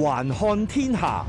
環看天下，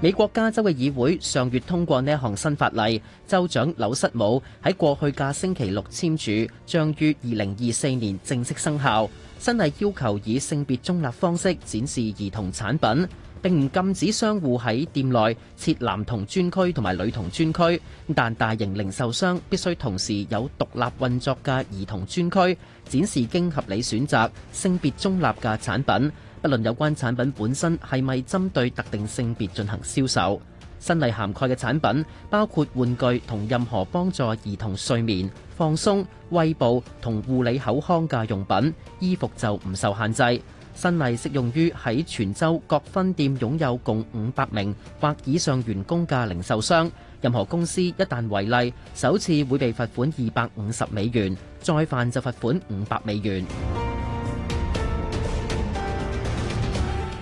美國加州嘅議會上月通過呢一項新法例，州長紐斯姆喺過去嘅星期六簽署，將於二零二四年正式生效。新例要求以性別中立方式展示兒童產品，並唔禁止商戶喺店內設男童專區同埋女童專區，但大型零售商必須同時有獨立運作嘅兒童專區，展示經合理選擇性別中立嘅產品。不論有關產品本身係咪針對特定性別進行銷售，新例涵蓋嘅產品包括玩具同任何幫助兒童睡眠、放鬆、餵哺同護理口腔嘅用品，衣服就唔受限制。新例適用於喺全州各分店擁有共五百名或以上員工嘅零售商，任何公司一旦違例，首次會被罰款二百五十美元，再犯就罰款五百美元。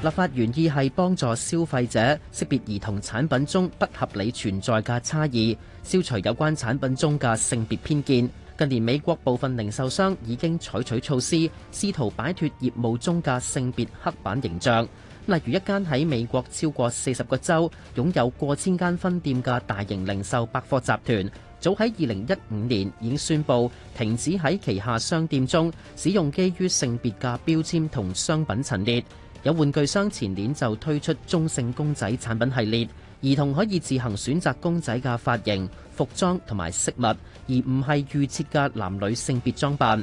立法原意係幫助消費者識別兒童產品中不合理存在嘅差異，消除有關產品中嘅性別偏見。近年美國部分零售商已經採取措施，試圖擺脱業務中嘅性別刻板形象。例如一間喺美國超過四十個州擁有過千間分店嘅大型零售百貨集團，早喺二零一五年已經宣布停止喺旗下商店中使用基於性別嘅標籤同商品陳列。有玩具商前年就推出中性公仔產品系列，兒童可以自行選擇公仔嘅髮型、服裝同埋飾物，而唔係預設嘅男女性別裝扮。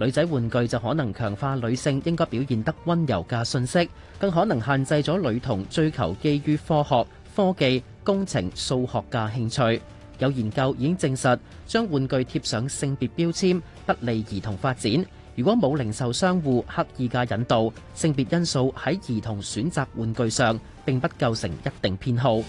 女仔玩具就可能強化女性應該表現得温柔嘅信息，更可能限制咗女童追求基於科學、科技、工程、數學嘅興趣。有研究已經證實，將玩具貼上性別標籤，不利兒童發展。如果冇零售商戶刻意嘅引導，性別因素喺兒童選擇玩具上並不構成一定偏好。